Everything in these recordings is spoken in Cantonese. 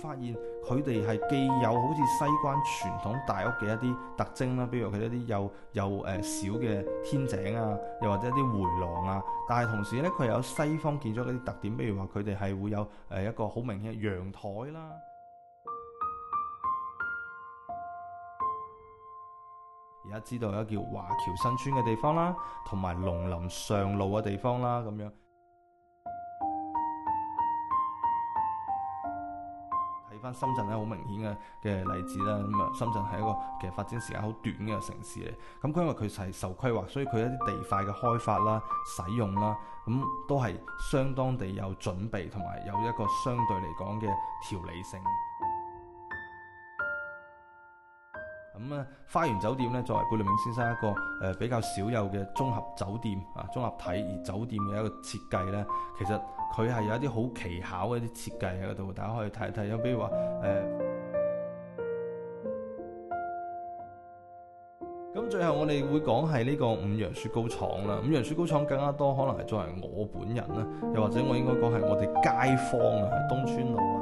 發現佢哋係既有好似西關傳統大屋嘅一啲特徵啦，比如話佢一啲有有誒小嘅天井啊，又或者一啲回廊啊。但係同時咧，佢有西方建築嗰啲特點，比如話佢哋係會有誒一個好明顯嘅陽台啦、啊。而家知道有叫華僑新村嘅地方啦、啊，同埋農林上路嘅地方啦、啊，咁樣。深圳咧，好明顯嘅嘅例子啦，咁啊，深圳係一個其實發展時間好短嘅城市嚟，咁佢因為佢係受規劃，所以佢一啲地塊嘅開發啦、使用啦，咁都係相當地有準備同埋有一個相對嚟講嘅條理性。咁花園酒店咧，作為貝聿銘先生一個誒比較少有嘅綜合酒店啊，綜合體而酒店嘅一個設計咧，其實佢係有一啲好奇巧嘅一啲設計喺度，大家可以睇一睇。有比如話誒，咁、呃、 最後我哋會講係呢個五羊雪糕廠啦。五羊雪糕廠更加多可能係作為我本人啦，又或者我應該講係我哋街坊啊，東川路。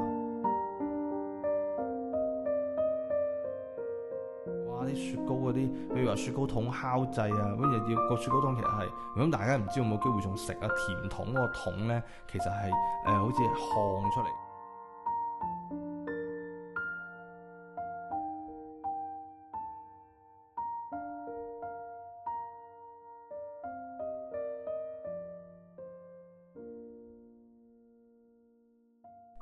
譬如話雪糕筒烤製啊，乜嘢要個雪糕筒，啊。其實係咁，大家唔知有冇機會仲食啊？甜筒個桶咧，其實係誒，好似係烘出嚟。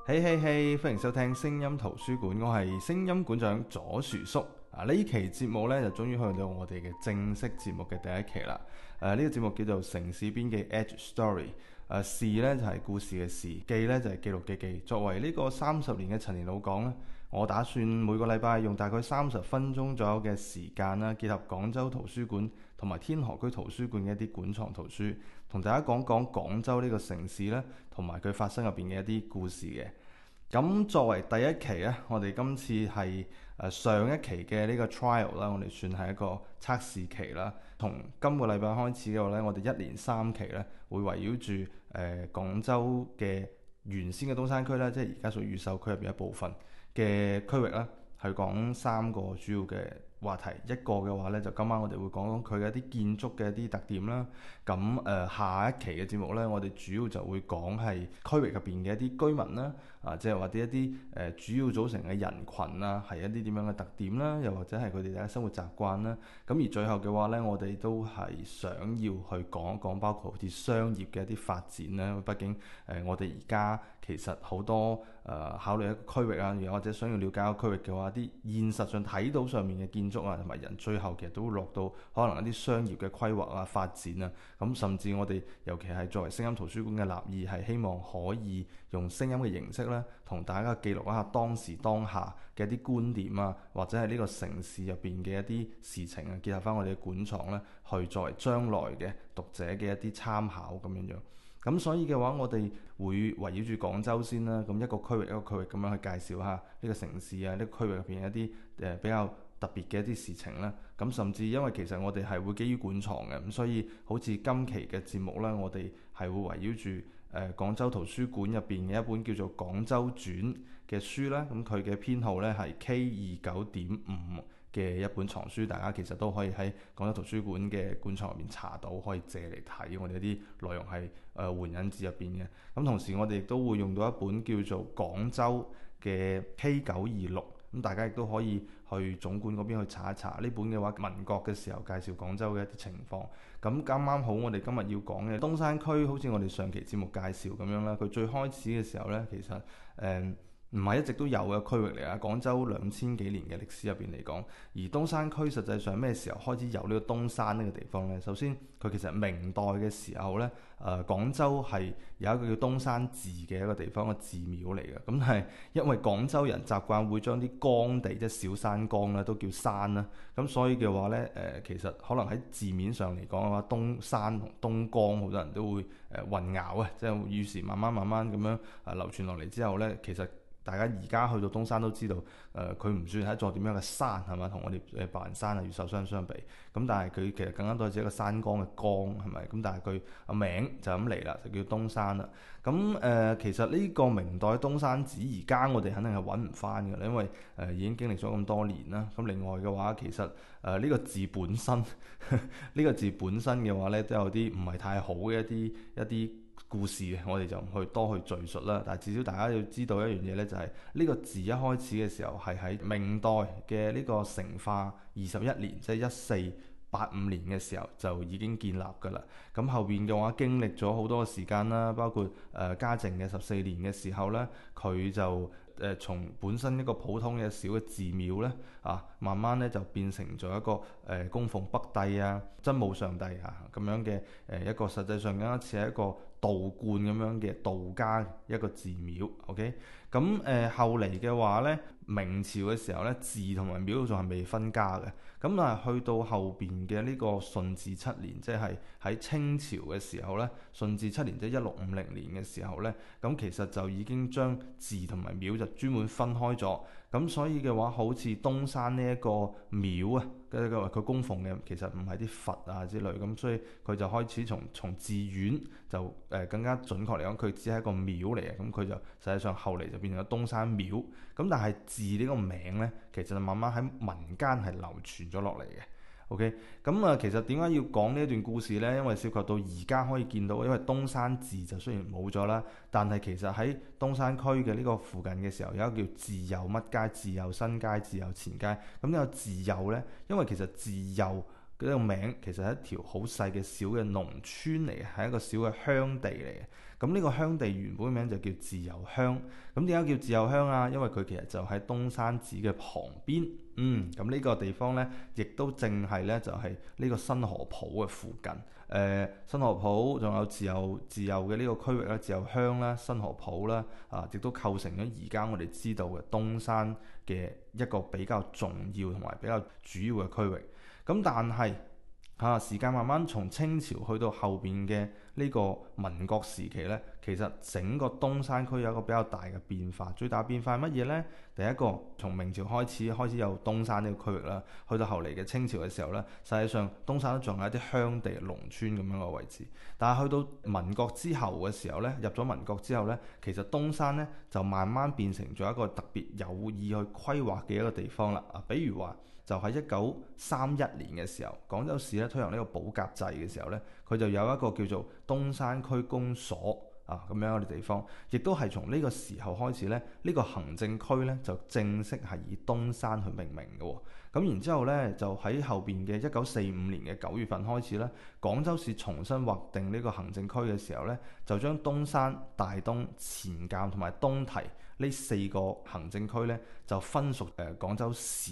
嘿，嘿，嘿！歡迎收聽聲音圖書館，我係聲音館長左薯叔。啊！期節呢期節目咧就終於去到我哋嘅正式節目嘅第一期啦。誒、呃、呢、呢個節目叫做《城事邊記 Edge Story》。呃、事呢就係、是、故事嘅事，記呢就係、是、記錄嘅記。作為呢個三十年嘅陳年老廣咧，我打算每個禮拜用大概三十分鐘左右嘅時間啦，結合廣州圖書館同埋天河區圖書館嘅一啲館藏圖書，同大家講講廣州呢個城市呢，同埋佢發生入邊嘅一啲故事嘅。咁作為第一期咧，我哋今次係誒上一期嘅呢個 trial 啦，我哋算係一個測試期啦。從今個禮拜開始嘅話咧，我哋一年三期咧，會圍繞住誒廣州嘅原先嘅東山區咧，即係而家屬於越秀區入邊一部分嘅區域咧，係講三個主要嘅話題一個嘅話呢，就今晚我哋會講講佢嘅一啲建築嘅一啲特點啦。咁誒、呃，下一期嘅節目呢，我哋主要就會講係區域入邊嘅一啲居民啦，啊，即係或者一啲誒、呃、主要組成嘅人群啊，係一啲點樣嘅特點啦，又或者係佢哋嘅生活習慣啦。咁而最後嘅話呢，我哋都係想要去講一講，包括好似商業嘅一啲發展啦。畢竟誒、呃，我哋而家其實好多。誒考慮一個區域啊，或者想要了解一個區域嘅話，啲現實上睇到上面嘅建築啊，同埋人，最後其實都會落到可能一啲商業嘅規劃啊、發展啊。咁甚至我哋，尤其係作為聲音圖書館嘅立意，係希望可以用聲音嘅形式咧，同大家記錄一下當時當下嘅一啲觀點啊，或者係呢個城市入邊嘅一啲事情啊，結合翻我哋嘅館藏咧，去作為將來嘅讀者嘅一啲參考咁樣樣。咁所以嘅話，我哋會圍繞住廣州先啦。咁一個區域一個區域咁樣去介紹下呢個城市啊，呢個區域入邊一啲誒，比較特別嘅一啲事情啦。咁甚至因為其實我哋係會基於館藏嘅，咁所以好似今期嘅節目咧，我哋係會圍繞住誒廣州圖書館入邊嘅一本叫做《廣州傳》嘅書咧。咁佢嘅編號咧係 K 二九點五。嘅一本藏書，大家其實都可以喺廣州圖書館嘅館藏入面查到，可以借嚟睇。我哋啲內容係誒《換引子》入邊嘅。咁同時，我哋亦都會用到一本叫做《廣州》嘅 K 九二六，咁大家亦都可以去總館嗰邊去查一查呢本嘅話，民國嘅時候介紹廣州嘅一啲情況。咁啱啱好，我哋今日要講嘅東山區，好似我哋上期節目介紹咁樣啦，佢最開始嘅時候呢，其實誒。嗯唔係一直都有嘅區域嚟啊！廣州兩千幾年嘅歷史入邊嚟講，而東山區實際上咩時候開始有呢個東山呢個地方呢？首先，佢其實明代嘅時候呢，誒、呃、廣州係有一個叫東山寺嘅一個地方嘅寺廟嚟嘅。咁係因為廣州人習慣會將啲江地即係小山江咧都叫山啦，咁所以嘅話呢，誒、呃，其實可能喺字面上嚟講嘅話，東山同東江好多人都會誒混淆啊！即、就、係、是、於是慢慢慢慢咁樣啊流傳落嚟之後呢，其實。大家而家去到東山都知道，誒佢唔算係一座點樣嘅山係咪？同我哋誒白雲山啊、越秀山相比，咁但係佢其實更加多係一個山江嘅江係咪？咁但係佢個名就咁嚟啦，就叫東山啦。咁誒、呃，其實呢個明代東山寺，而家我哋肯定係揾唔翻㗎啦，因為誒、呃、已經經歷咗咁多年啦。咁另外嘅話，其實誒呢、呃呢個字本身，呢 個字本身嘅話咧，都有啲唔係太好嘅一啲一啲。一故事我哋就唔去多去敘述啦。但係至少大家要知道一樣嘢呢，就係呢個寺一開始嘅時候係喺明代嘅呢個成化二十一年，即係一四八五年嘅時候就已經建立噶啦。咁後邊嘅話，經歷咗好多時間啦，包括誒嘉靖嘅十四年嘅時候呢，佢就誒從、呃、本身一個普通嘅小嘅寺廟呢，啊，慢慢呢就變成咗一個誒、呃、供奉北帝啊、真武上帝啊咁樣嘅誒一個實際上咧似係一個。道觀咁樣嘅道家一個寺廟，OK，咁、嗯、誒後嚟嘅話呢，明朝嘅時候呢，寺同埋廟仲係未分家嘅，咁但係去到後邊嘅呢個順治七年，即係喺清朝嘅時候呢，順治七年即係一六五零年嘅時候呢，咁其實就已經將寺同埋廟就專門分開咗。咁所以嘅話，好似東山呢一個廟啊，佢供奉嘅其實唔係啲佛啊之類，咁所以佢就開始從從字院，就誒更加準確嚟講，佢只係一個廟嚟嘅，咁佢就實際上後嚟就變成咗東山廟。咁但係字呢個名咧，其實就慢慢喺民間係流傳咗落嚟嘅。OK，咁、嗯、啊，其實點解要講呢一段故事呢？因為涉及到而家可以見到，因為東山寺就雖然冇咗啦，但係其實喺東山區嘅呢個附近嘅時候，有一個叫自由乜街、自由新街、自由前街。咁呢個自由呢，因為其實自由嘅名其實係一條好細嘅小嘅農村嚟，係一個小嘅鄉地嚟嘅。咁呢個鄉地原本嘅名就叫自由鄉。咁點解叫自由鄉啊？因為佢其實就喺東山寺嘅旁邊。嗯，咁呢個地方呢，亦都正係呢，就係、是、呢個新河浦嘅附近。誒、呃，新河浦仲有自由自由嘅呢個區域咧，自由鄉啦、新河浦啦，啊，亦都構成咗而家我哋知道嘅東山嘅一個比較重要同埋比較主要嘅區域。咁但係，嚇、啊，時間慢慢從清朝去到後邊嘅呢個民國時期呢，其實整個東山區有一個比較大嘅變化。最大變化係乜嘢呢？第一個，從明朝開始開始有東山呢個區域啦，去到後嚟嘅清朝嘅時候呢，實際上東山都仲有一啲鄉地農村咁樣嘅位置。但係去到民國之後嘅時候呢，入咗民國之後呢，其實東山呢就慢慢變成咗一個特別有意去規劃嘅一個地方啦。啊，比如話，就喺一九三一年嘅時候，廣州市咧推行呢個保甲制嘅時候呢，佢就有一個叫做東山區公所啊，咁樣嘅地方，亦都係從呢個時候開始呢呢、這個行政區呢就正式係以東山去命名嘅，哦。咁然之後呢，就喺後邊嘅一九四五年嘅九月份開始呢，廣州市重新劃定呢個行政區嘅時候呢就將東山、大東、前鑑同埋東堤呢四個行政區呢就分屬誒、呃、廣州市。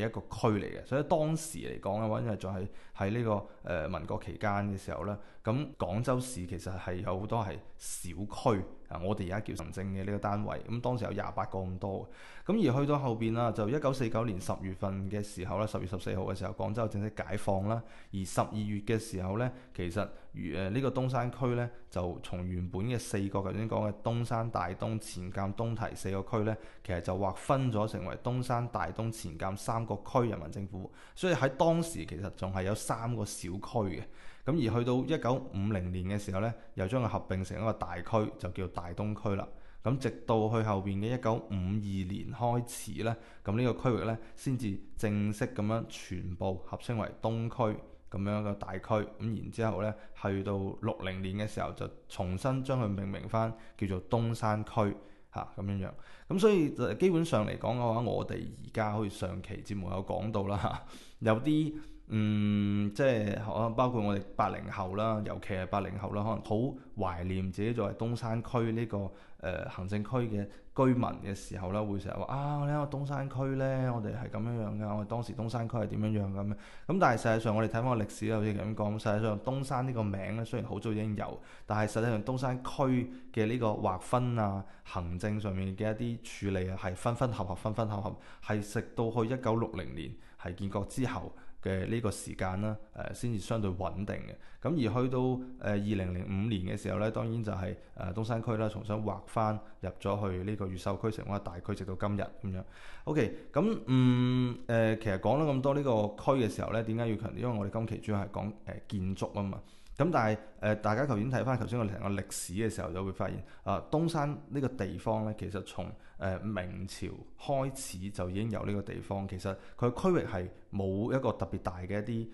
嘅一個區嚟嘅，所以當時嚟講嘅話，因為仲係喺呢個誒民國期間嘅時候咧，咁廣州市其實係有好多係小區啊，我哋而家叫行政嘅呢個單位，咁當時有廿八個咁多，咁而去到後邊啦，就一九四九年十月份嘅時候咧，十月十四號嘅時候，廣州正式解放啦，而十二月嘅時候呢，其實。而呢個東山區咧，就從原本嘅四個，頭先講嘅東山、大東、前鑑、東堤四個區咧，其實就劃分咗成為東山、大東、前鑑三個區人民政府。所以喺當時其實仲係有三個小區嘅。咁而去到一九五零年嘅時候咧，又將佢合併成一個大區，就叫大東區啦。咁直到去後邊嘅一九五二年開始咧，咁、這個、呢個區域咧先至正式咁樣全部合稱為東區。咁樣一個大區，咁然之後呢，去到六零年嘅時候，就重新將佢命名翻叫做東山區，嚇咁樣樣。咁所以基本上嚟講嘅話，我哋而家好似上期節目有講到啦，有啲。嗯，即係可能包括我哋八零後啦，尤其係八零後啦，可能好懷念自己作為東山區呢、這個誒、呃、行政區嘅居民嘅時候啦，會成日話啊，你睇我東山區呢，我哋係咁樣樣㗎，我哋當時東山區係點樣樣咁。咁但係實際上我哋睇翻個歷史啦，好似咁講，實際上東山呢個名咧，雖然好早已經有，但係實際上東山區嘅呢個劃分啊、行政上面嘅一啲處理啊，係分分合合、分分合合，係直到去一九六零年係建國之後。嘅呢個時間啦，誒先至相對穩定嘅，咁而去到誒二零零五年嘅時候咧，當然就係誒東山區啦，重新劃翻入咗去呢個越秀區成個大區，直到今日咁樣。OK，咁嗯誒，其實講咗咁多呢個區嘅時候咧，點解要強調？因為我哋今期主要係講誒建築啊嘛，咁但係。誒，大家頭先睇翻頭先我哋成個歷史嘅時候，就會發現啊，東山呢個地方咧，其實從誒明朝開始就已經有呢個地方。其實佢區域係冇一個特別大嘅一啲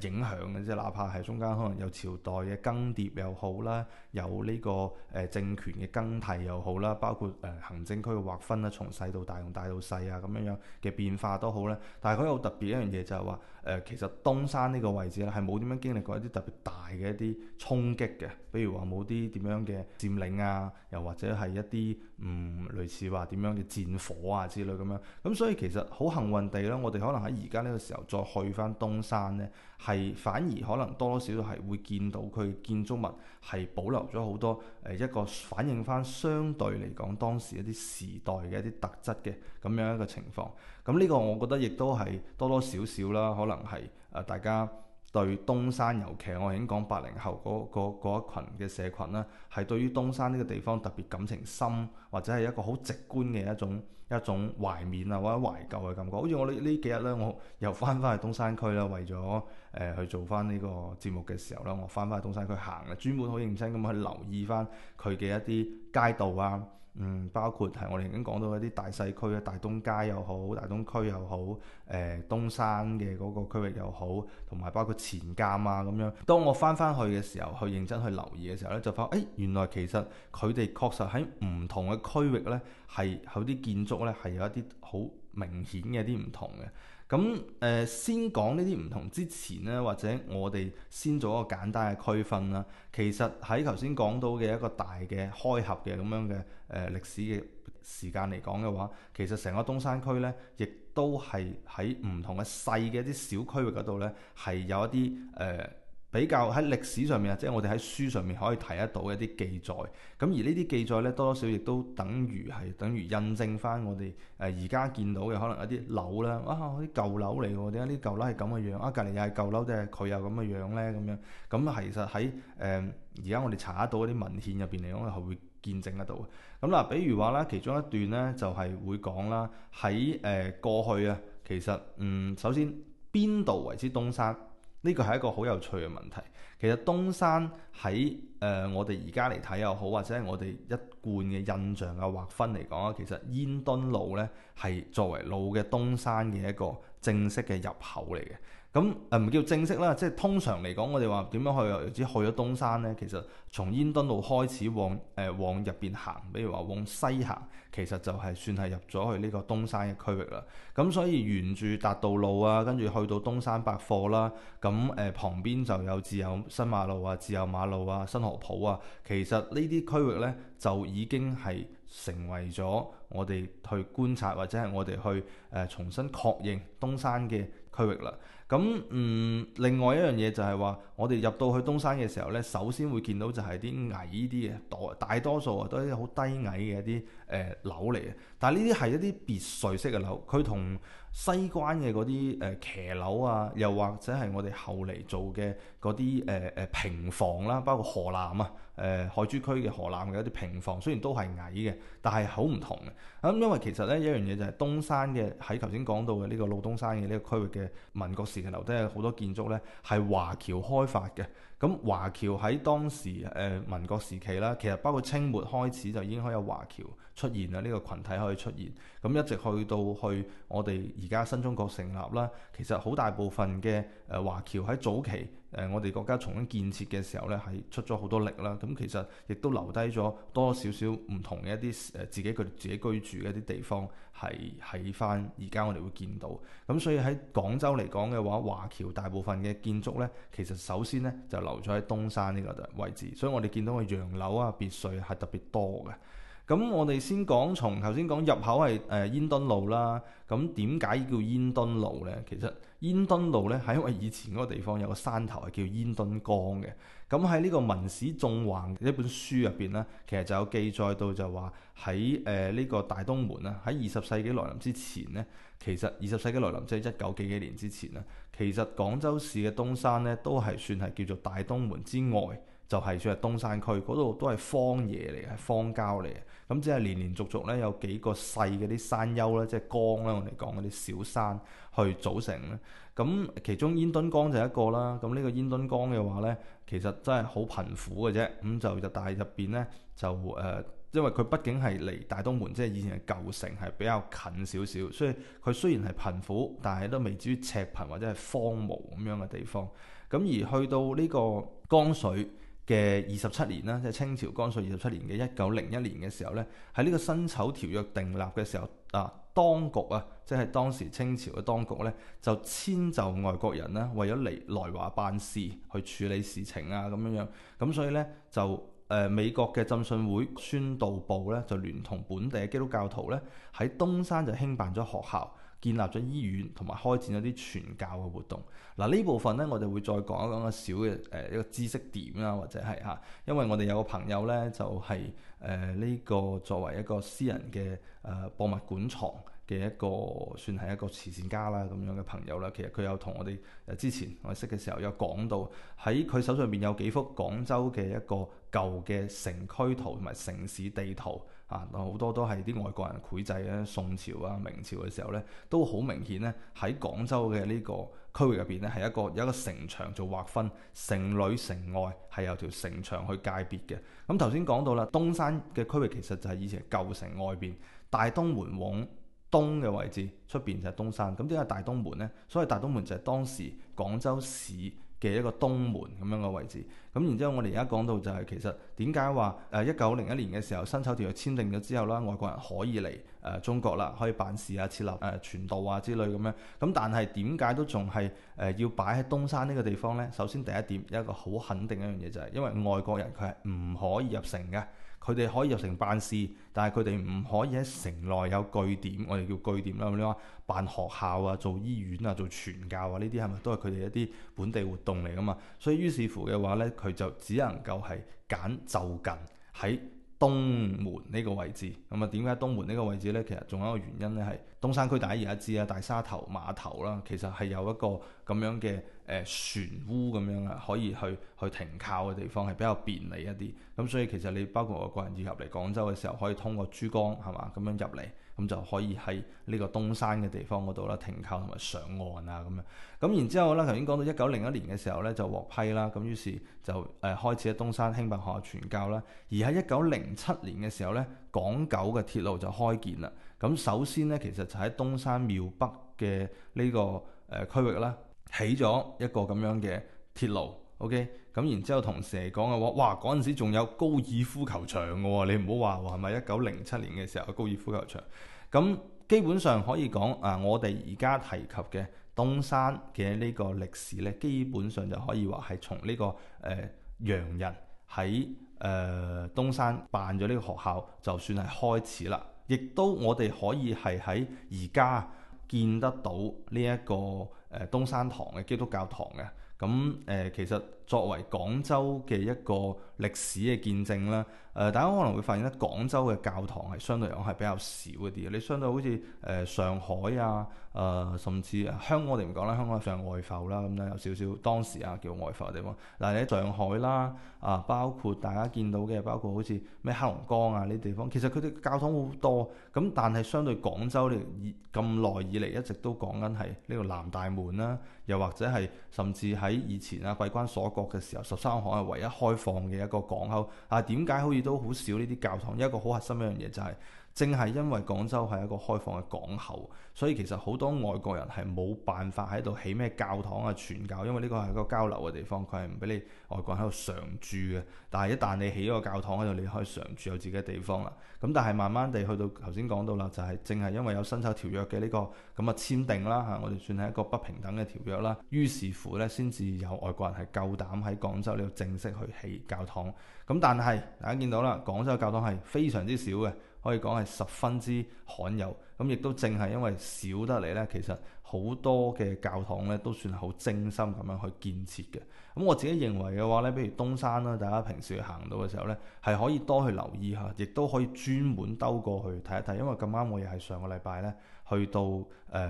誒影響嘅，即係哪怕係中間可能有朝代嘅更迭又好啦，有呢個誒政權嘅更替又好啦，包括誒行政區嘅劃分啦，從細到大，由大到細啊，咁樣樣嘅變化都好咧。但係佢有特別一樣嘢就係話，誒其實東山呢個位置咧係冇點樣經歷過一啲特別大嘅一啲。攻擊嘅，比如話冇啲點樣嘅佔領啊，又或者係一啲嗯類似話點樣嘅戰火啊之類咁樣，咁所以其實好幸運地咧，我哋可能喺而家呢個時候再去翻東山呢，係反而可能多多少少係會見到佢建築物係保留咗好多誒一個反映翻相對嚟講當時一啲時代嘅一啲特質嘅咁樣一個情況。咁呢個我覺得亦都係多多少少啦，可能係誒大家。對東山尤其，我已經講八零後嗰個一羣嘅社群，咧，係對於東山呢個地方特別感情深，或者係一個好直觀嘅一種一種懷念啊或者懷舊嘅感覺。好似我呢呢幾日咧，我又翻返去東山區啦，為咗誒、呃、去做翻呢個節目嘅時候咧，我翻返去東山區行咧，專門好認真咁去留意翻佢嘅一啲街道啊，嗯，包括係我哋已經講到一啲大細區啊，大東街又好，大東區又好，誒、呃、東山嘅嗰個區域又好，同埋包括前鑒啊咁樣。當我翻翻去嘅時候，去認真去留意嘅時候咧，就發，誒、欸、原來其實佢哋確實喺唔同嘅區域咧，係有啲建築咧係有一啲好明顯嘅啲唔同嘅。咁誒、呃、先講呢啲唔同之前咧，或者我哋先做一個簡單嘅區分啦。其實喺頭先講到嘅一個大嘅開合嘅咁樣嘅誒、呃、歷史嘅時間嚟講嘅話，其實成個東山區咧，亦都係喺唔同嘅細嘅一啲小區域嗰度咧，係有一啲誒、呃比較喺歷史上面啊，即係我哋喺書上面可以睇得到一啲記載，咁而呢啲記載咧，多多少少亦都等於係等於印證翻我哋誒而家見到嘅可能一啲樓啦，哇，啲舊樓嚟喎，點解啲舊樓係咁嘅樣？啊，隔離又係舊樓定係佢又咁嘅樣咧？咁樣咁啊，其實喺誒而家我哋查得到嗰啲文獻入邊嚟講係會見證得到嘅。咁嗱，比如話啦，其中一段咧就係、是、會講啦，喺誒、呃、過去啊，其實嗯，首先邊度為之東山？呢個係一個好有趣嘅問題。其實東山喺誒、呃、我哋而家嚟睇又好，或者係我哋一貫嘅印象嘅劃分嚟講啊，其實煙墩路呢係作為老嘅東山嘅一個正式嘅入口嚟嘅，咁誒唔叫正式啦，即係通常嚟講，我哋話點樣去，即係去咗東山呢。其實從煙墩路開始往誒、呃、往入邊行，比如話往西行，其實就係算係入咗去呢個東山嘅區域啦。咁所以沿住達道路啊，跟住去到東山百貨啦，咁誒旁邊就有自由新馬路啊、自由馬路啊、新河浦啊，其實呢啲區域呢，就已經係。成為咗我哋去觀察或者係我哋去誒、呃、重新確認東山嘅區域啦。咁嗯，另外一樣嘢就係話，我哋入到去東山嘅時候咧，首先會見到就係啲矮啲嘅，大大多數啊都係好低矮嘅一啲誒、呃、樓嚟嘅。但係呢啲係一啲別墅式嘅樓，佢同西關嘅嗰啲誒騎樓啊，又或者係我哋後嚟做嘅嗰啲誒誒平房啦、啊，包括河南啊，誒、呃、海珠區嘅河南嘅一啲平房，雖然都係矮嘅，但係好唔同嘅。咁、嗯、因為其實咧一樣嘢就係東山嘅喺頭先講到嘅呢個老東山嘅呢個區域嘅民國時期留低嘅好多建築咧，係華僑開發嘅。咁華僑喺當時誒、呃、民國時期啦，其實包括清末開始就已經有華僑。出現呀，呢個群體可以出現咁，一直去到去我哋而家新中國成立啦。其實好大部分嘅誒華僑喺早期誒我哋國家重新建設嘅時候呢，係出咗好多力啦。咁其實亦都留低咗多少少唔同嘅一啲誒自己佢哋自己居住嘅一啲地方係喺翻而家我哋會見到咁，所以喺廣州嚟講嘅話，華僑大部分嘅建築呢，其實首先呢就留咗喺東山呢個位置，所以我哋見到嘅洋樓啊、別墅係特別多嘅。咁我哋先講從頭先講入口係誒煙墩路啦，咁點解叫煙墩路咧？其實煙墩路咧係因為以前嗰個地方有個山頭係叫煙墩江嘅。咁喺呢個《文史縱橫》呢本書入邊咧，其實就有記載到就話喺誒呢個大東門啊，喺二十世紀來臨之前咧，其實二十世紀來臨即係一九幾幾年之前啦。其實廣州市嘅東山咧都係算係叫做大東門之外，就係、是、算係東山區嗰度都係荒野嚟，係荒郊嚟。嘅。咁即係連連續續咧，有幾個細嘅啲山丘咧，即係崗咧，我哋講嗰啲小山去組成咧。咁其中煙墩崗就一個啦。咁呢個煙墩崗嘅話咧，其實真係好貧苦嘅啫。咁就日大入邊咧，就誒，因為佢畢竟係離大東門即係以前嘅舊城係比較近少少，所以佢雖然係貧苦，但係都未至於赤貧或者係荒蕪咁樣嘅地方。咁而去到呢個江水，嘅二十七年啦，即係清朝光緒二十七年嘅一九零一年嘅時候呢，喺呢個辛丑條約訂立嘅時候啊，當局啊，即係當時清朝嘅當局呢，就遷就外國人啦，為咗嚟來華辦事去處理事情啊，咁樣樣，咁所以呢，就誒、呃、美國嘅浸信會宣道部呢，就聯同本地嘅基督教徒呢，喺東山就興辦咗學校。建立咗醫院同埋開展咗啲傳教嘅活動。嗱、啊、呢部分呢，我哋會再講，講一講個小嘅誒、呃、一個知識點啦，或者係嚇，因為我哋有個朋友呢，就係誒呢個作為一個私人嘅誒、呃、博物館藏嘅一個算係一個慈善家啦，咁樣嘅朋友啦。其實佢有同我哋之前我識嘅時候有講到，喺佢手上邊有幾幅廣州嘅一個舊嘅城區圖同埋城市地圖。好多都係啲外國人繪製嘅。宋朝啊、明朝嘅時候呢，都好明顯咧，喺廣州嘅呢個區域入邊咧，係一個有一個城牆做劃分，城裏城外係有條城牆去界別嘅。咁頭先講到啦，東山嘅區域其實就係以前舊城外邊大東門往東嘅位置出邊就係東山。咁點解大東門呢，所以大東門就係當時廣州市。嘅一個東門咁樣嘅位置，咁然後之後我哋而家講到就係其實點解話誒一九零一年嘅時候辛丑條約簽訂咗之後啦，外國人可以嚟誒中國啦，可以辦事啊、設立誒、啊、傳道啊之類咁樣，咁但係點解都仲係誒要擺喺東山呢個地方咧？首先第一點有一個好肯定一樣嘢就係，因為外國人佢係唔可以入城嘅。佢哋可以入城辦事，但係佢哋唔可以喺城內有據點，我哋叫據點啦。咁你話辦學校啊、做醫院啊、做傳教啊，呢啲係咪都係佢哋一啲本地活動嚟㗎嘛？所以於是乎嘅話咧，佢就只能夠係揀就近喺東門呢個位置。咁啊，點解東門呢個位置咧？其實仲有一個原因咧，係東山區大家而家知啊，大沙頭碼頭啦，其實係有一個咁樣嘅。誒、呃、船塢咁樣啦，可以去去停靠嘅地方係比較便利一啲。咁所以其實你包括外國人入嚟廣州嘅時候，可以通過珠江係嘛咁樣入嚟，咁就可以喺呢個東山嘅地方嗰度啦停靠同埋上岸啊咁樣。咁然之後啦，頭先講到一九零一年嘅時候咧就獲批啦，咁於是就誒、呃、開始喺東山興辦學校傳教啦。而喺一九零七年嘅時候咧，港九嘅鐵路就開建啦。咁首先咧其實就喺東山廟北嘅呢、這個誒區、呃、域啦。起咗一個咁樣嘅鐵路，OK，咁然之後同蛇講嘅話，哇，嗰陣時仲有高爾夫球場嘅喎，你唔好話係咪一九零七年嘅時候高爾夫球場？咁基本上可以講啊，我哋而家提及嘅東山嘅呢個歷史呢，基本上就可以話係從呢、這個誒、呃、洋人喺誒、呃、東山辦咗呢個學校就算係開始啦，亦都我哋可以係喺而家見得到呢、這、一個。誒東山堂嘅基督教堂嘅，咁誒其實。作為廣州嘅一個歷史嘅見證啦，誒、呃，大家可能會發現咧，廣州嘅教堂係相對嚟講係比較少一啲嘅。你相對好似誒、呃、上海啊，誒、呃、甚至香港我哋唔講啦，香港上外埠啦咁咧有少少當時啊叫外埠嘅地方。嗱，你喺上海啦，啊，包括大家見到嘅，包括好似咩黑龍江啊呢啲地方，其實佢哋教堂好多。咁但係相對廣州，你咁耐以嚟一直都講緊係呢個南大門啦、啊，又或者係甚至喺以前啊閉關鎖國嘅時候，十三行係唯一開放嘅一個港口。啊，點解好似都好少呢啲教堂？一個好核心一樣嘢就係、是。正係因為廣州係一個開放嘅港口，所以其實好多外國人係冇辦法喺度起咩教堂啊、傳教，因為呢個係一個交流嘅地方，佢係唔俾你外國人喺度常住嘅。但係一旦你起咗個教堂喺度，你可以常住有自己嘅地方啦。咁但係慢慢地去到頭先講到啦，就係、是、正係因為有新手條約嘅呢、這個咁啊簽定啦嚇，我哋算係一個不平等嘅條約啦。於是乎咧，先至有外國人係夠膽喺廣州呢度正式去起教堂。咁但係大家見到啦，廣州教堂係非常之少嘅。可以講係十分之罕有，咁亦都正係因為少得嚟呢。其實好多嘅教堂呢都算係好精心咁樣去建設嘅。咁我自己認為嘅話呢，比如東山啦，大家平時去行到嘅時候呢，係可以多去留意下，亦都可以專門兜過去睇一睇，因為咁啱我又係上個禮拜呢。去到誒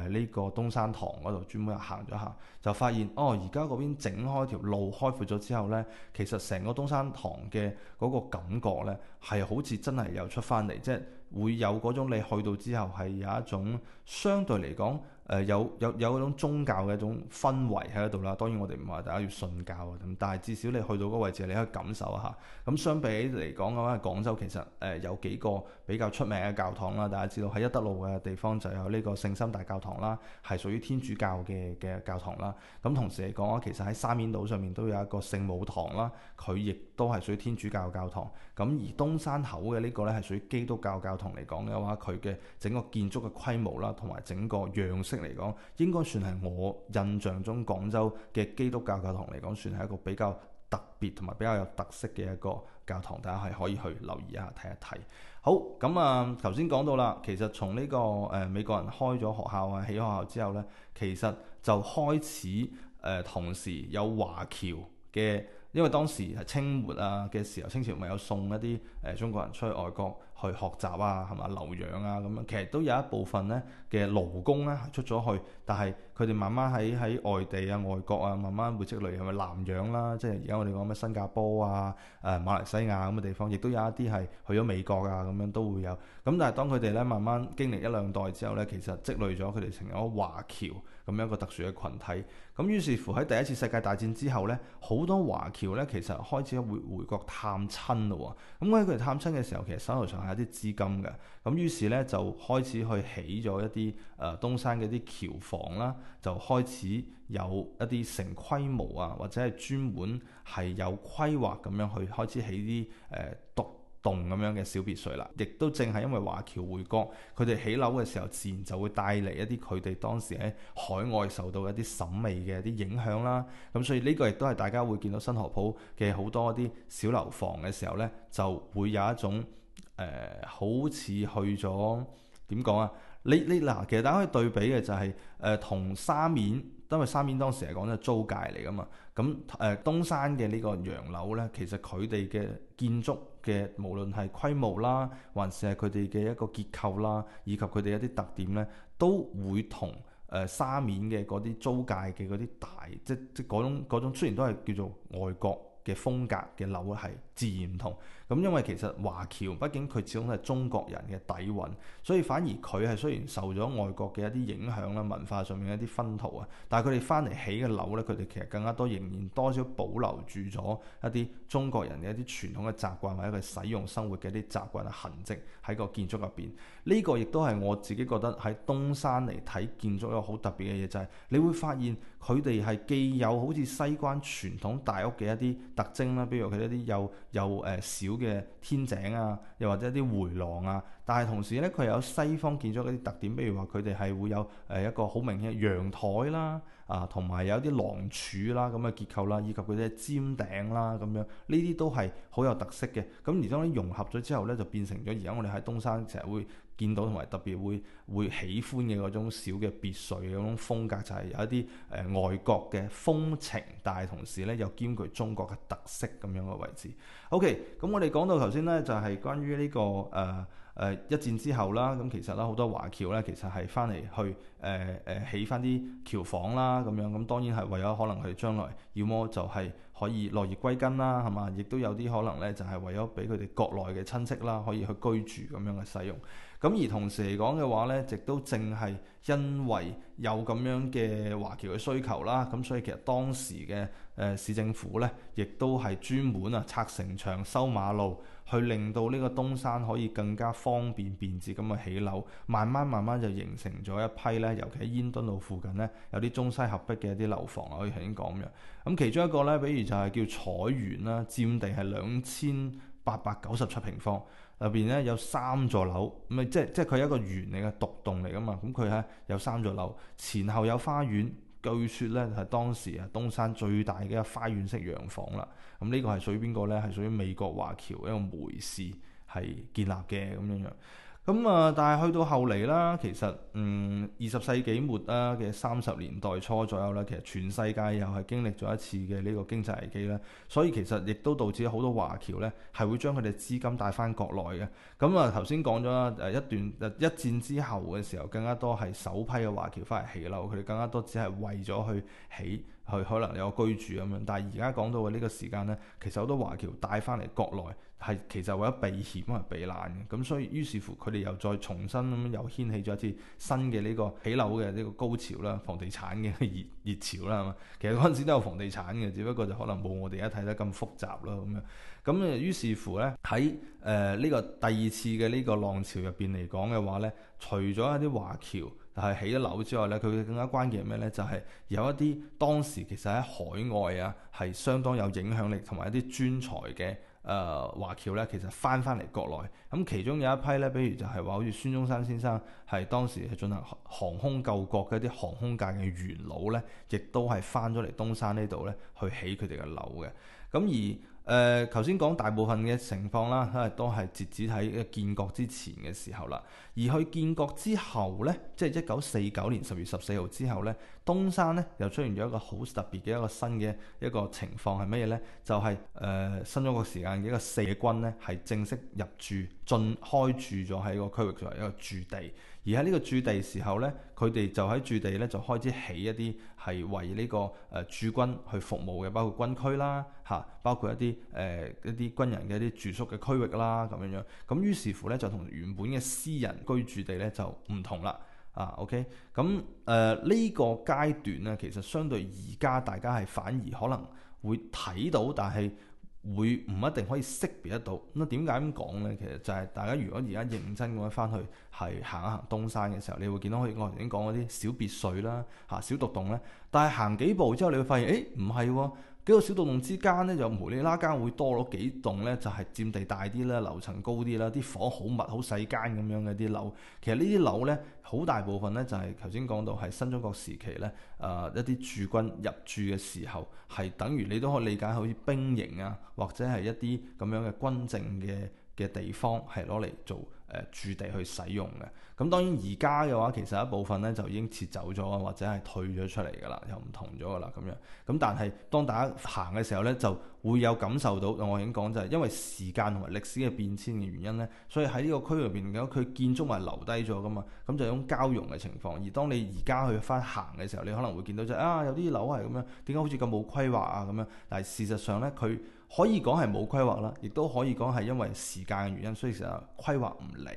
呢個東山堂嗰度，專門行咗下，就發現哦，而家嗰邊整開條路，開闊咗之後呢，其實成個東山堂嘅嗰個感覺呢，係好似真係又出翻嚟，即係會有嗰種你去到之後係有一種相對嚟講。誒、呃、有有有嗰種宗教嘅一種氛圍喺度啦，當然我哋唔話大家要信教啊，咁但係至少你去到嗰個位置，你可以感受一下。咁相比嚟講嘅話，廣州其實誒有幾個比較出名嘅教堂啦，大家知道喺一德路嘅地方就有呢個聖心大教堂啦，係屬於天主教嘅嘅教堂啦。咁同時嚟講啊，其實喺沙面島上面都有一個聖母堂啦。佢亦都係屬於天主教教堂。咁而東山口嘅呢個呢，係屬於基督教教堂嚟講嘅話，佢嘅整個建築嘅規模啦，同埋整個樣式嚟講，應該算係我印象中廣州嘅基督教教堂嚟講，算係一個比較特別同埋比較有特色嘅一個教堂。大家係可以去留意一下睇一睇。好，咁啊，頭先講到啦，其實從呢、呢個誒、呃、美國人開咗學校啊，起咗學校之後呢，其實就開始誒、呃、同時有華僑嘅。因為當時係清末啊嘅時候，清朝咪有送一啲誒中國人出去外國。去學習啊，係嘛留洋啊咁樣，其實都有一部分咧嘅勞工咧出咗去，但係佢哋慢慢喺喺外地啊、外國啊慢慢會積累，係咪南洋啦、啊？即係而家我哋講咩新加坡啊、誒、呃、馬來西亞咁嘅地方，亦都有一啲係去咗美國啊咁樣都會有。咁但係當佢哋咧慢慢經歷一兩代之後咧，其實積累咗佢哋成咗華僑咁樣一個特殊嘅群體。咁於是乎喺第一次世界大戰之後咧，好多華僑咧其實開始會回國探親咯喎。咁喺佢哋探親嘅時候，其實手頭上，有啲資金嘅，咁，於是咧就開始去起咗一啲誒東山嘅啲僑房啦，就開始有一啲成規模啊，或者係專門係有規劃咁樣去開始起啲誒獨棟咁樣嘅小別墅啦。亦都正係因為華僑回國，佢哋起樓嘅時候，自然就會帶嚟一啲佢哋當時喺海外受到一啲審美嘅一啲影響啦。咁所以呢個亦都係大家會見到新河浦嘅好多啲小樓房嘅時候咧，就會有一種。誒、呃、好似去咗點講啊？你你嗱，其實大家可以對比嘅就係誒同沙面，因為沙面當時係講緊租界嚟㗎嘛。咁、嗯、誒、呃、東山嘅呢個洋樓咧，其實佢哋嘅建築嘅無論係規模啦，還是係佢哋嘅一個結構啦，以及佢哋一啲特點咧，都會同誒、呃、沙面嘅嗰啲租界嘅嗰啲大，即即嗰種嗰種雖然都係叫做外國嘅風格嘅樓咧係自然唔同，咁因為其實華僑畢竟佢始終都係中國人嘅底蘊，所以反而佢係雖然受咗外國嘅一啲影響啦、文化上面一啲熏陶啊，但係佢哋翻嚟起嘅樓咧，佢哋其實更加多仍然多少保留住咗一啲中國人嘅一啲傳統嘅習慣或者佢使用生活嘅一啲習慣嘅痕跡喺個建築入邊。呢、這個亦都係我自己覺得喺東山嚟睇建築一個好特別嘅嘢，就係、是、你會發現。佢哋係既有好似西關傳統大屋嘅一啲特徵啦，比如佢一啲有有誒小嘅天井啊，又或者一啲回廊啊，但係同時咧佢有西方建築一啲特點，比如話佢哋係會有誒一個好明顯嘅陽台啦、啊。啊，同埋有啲廊柱啦咁嘅結構啦，以及佢啲尖頂啦咁樣，呢啲都係好有特色嘅。咁而將佢融合咗之後咧，就變成咗而家我哋喺東山成日會見到同埋特別會會喜歡嘅嗰種小嘅別墅嘅嗰種風格，就係、是、有一啲誒、呃、外國嘅風情，但係同時咧又兼具中國嘅特色咁樣嘅位置。OK，咁我哋講到頭先咧，就係、是、關於呢、這個誒。呃誒一戰之後啦，咁其實啦，好多華僑咧，其實係翻嚟去誒誒起翻啲僑房啦，咁樣，咁當然係為咗可能佢將來，要麼就係可以落葉歸根啦，係嘛，亦都有啲可能咧，就係為咗俾佢哋國內嘅親戚啦，可以去居住咁樣嘅使用。咁而同時嚟講嘅話咧，亦都淨係因為有咁樣嘅華僑嘅需求啦，咁所以其實當時嘅誒市政府咧，亦都係專門啊拆城牆、修馬路。去令到呢個東山可以更加方便便捷咁去起樓，慢慢慢慢就形成咗一批咧。尤其喺煙墩路附近咧，有啲中西合璧嘅一啲樓房，我已經講咁樣。咁、嗯、其中一個咧，比如就係叫彩園啦，佔地係兩千八百九十七平方，入邊咧有三座樓，咪即係即係佢係一個園嚟嘅獨棟嚟㗎嘛。咁佢咧有三座樓，前後有花園。據說咧係當時啊東山最大嘅一花園式洋房啦，咁、這、呢個係屬於邊個呢？係屬於美國華僑一個梅氏，係建立嘅咁樣樣。咁啊、嗯，但係去到後嚟啦，其實嗯二十世紀末啊嘅三十年代初左右啦，其實全世界又係經歷咗一次嘅呢個經濟危機啦。所以其實亦都導致好多華僑咧係會將佢哋資金帶翻國內嘅。咁啊頭先講咗啦，誒一段一戰之後嘅時候，更加多係首批嘅華僑翻嚟起樓，佢哋更加多只係為咗去起。佢可能有居住咁樣，但係而家講到嘅呢個時間咧，其實好多華僑帶翻嚟國內係其實為咗避險啊避難嘅，咁所以於是乎佢哋又再重新咁又掀起咗一次新嘅呢個起樓嘅呢個高潮啦，房地產嘅熱熱潮啦，係嘛？其實嗰陣時都有房地產嘅，只不過就可能冇我哋而家睇得咁複雜咯咁樣。咁咧於是乎咧喺誒呢個第二次嘅呢個浪潮入邊嚟講嘅話咧，除咗一啲華僑。係起咗樓之外咧，佢更加關鍵係咩咧？就係、是、有一啲當時其實喺海外啊，係相當有影響力同埋一啲專才嘅誒、呃、華僑咧，其實返返嚟國內。咁其中有一批咧，比如就係話好似孫中山先生係當時係進行航空救國嘅一啲航空界嘅元老咧，亦都係翻咗嚟東山呢度咧，去起佢哋嘅樓嘅。咁而誒頭先講大部分嘅情況啦，都係截止喺建國之前嘅時候啦。而去建國之後咧，即係一九四九年十月十四號之後咧，東山咧又出現咗一個好特別嘅一個新嘅一個情況係乜嘢咧？就係、是、誒、呃、新中國一個時間嘅一個野軍咧，係正式入住。進開住咗喺個區域作為一個駐地，而喺呢個駐地時候呢，佢哋就喺駐地呢，就開始起一啲係為呢個誒駐軍去服務嘅，包括軍區啦，嚇，包括一啲誒、呃、一啲軍人嘅一啲住宿嘅區域啦咁樣樣。咁於是乎呢，就同原本嘅私人居住地呢，就唔同啦。啊，OK，咁誒呢個階段呢，其實相對而家大家係反而可能會睇到，但係。會唔一定可以識別得到，咁啊點解咁講呢？其實就係大家如果而家認真咁樣翻去係行一行東山嘅時候，你會見到可以我頭先講嗰啲小別墅啦，嚇小獨棟呢。但係行幾步之後你會發現，誒唔係喎。幾個小棟棟之間咧，就無理啦。間會多咗幾棟咧，就係佔地大啲啦，樓層高啲啦，啲房好密好細間咁樣嘅啲樓。其實呢啲樓咧，好大部分咧就係頭先講到係新中國時期咧，誒、呃、一啲駐軍入駐嘅時候，係等於你都可以理解好似兵營啊，或者係一啲咁樣嘅軍政嘅嘅地方，係攞嚟做。誒住地去使用嘅，咁當然而家嘅話，其實一部分咧就已經撤走咗，或者係退咗出嚟㗎啦，又唔同咗㗎啦咁樣。咁但係當大家行嘅時候咧，就會有感受到，我已經講就係、是、因為時間同埋歷史嘅變遷嘅原因咧，所以喺呢個區入邊嘅佢建築物留低咗㗎嘛，咁就係種交融嘅情況。而當你而家去翻行嘅時候，你可能會見到就係、啊，有啲樓係咁樣，點解好似咁冇規劃啊咁樣？但係事實上咧，佢可以講係冇規劃啦，亦都可以講係因為時間嘅原因，所以其實規劃唔嚟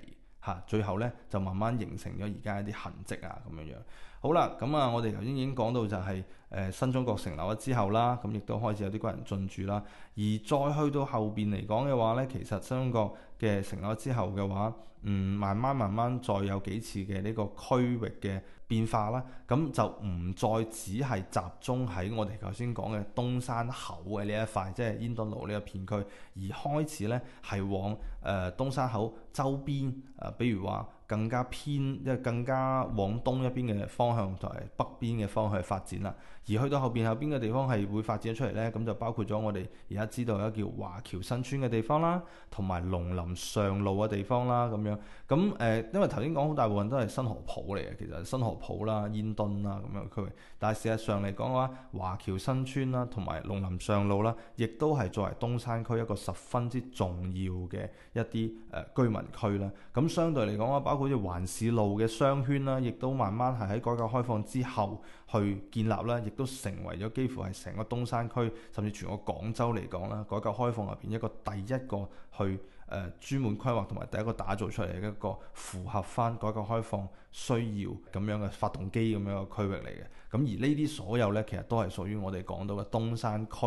吓，最後咧就慢慢形成咗而家一啲痕跡啊咁樣樣。好啦，咁啊，我哋頭先已經講到就係、是。誒新中國成立咗之後啦，咁亦都開始有啲人進駐啦。而再去到後邊嚟講嘅話呢，其實新中國嘅成立咗之後嘅話，嗯，慢慢慢慢再有幾次嘅呢個區域嘅變化啦。咁就唔再只係集中喺我哋頭先講嘅東山口嘅呢一塊，即係煙墩路呢個片區，而開始呢，係往誒、呃、東山口周邊誒、呃，比如話更加偏即更加往東一邊嘅方向同埋、就係、北邊嘅方向發展啦。而去到後邊後邊嘅地方係會發展出嚟呢。咁就包括咗我哋而家知道有叫華僑新村嘅地方啦，同埋農林上路嘅地方啦，咁樣咁誒、嗯，因為頭先講好大部分都係新河浦嚟嘅，其實係新河浦啦、煙墩啦咁樣嘅區域。但係事實上嚟講嘅話，華僑新村啦，同埋農林上路啦，亦都係作為東山區一個十分之重要嘅一啲誒居民區咧。咁相對嚟講嘅話，包括住環市路嘅商圈啦，亦都慢慢係喺改革開放之後去建立啦，亦都成為咗幾乎係成個東山區甚至全個廣州嚟講啦，改革開放入邊一個第一個去誒、呃、專門規劃同埋第一個打造出嚟嘅一個符合翻改革開放需要咁樣嘅發動機咁樣嘅區域嚟嘅，咁而呢啲所有呢，其實都係屬於我哋講到嘅東山區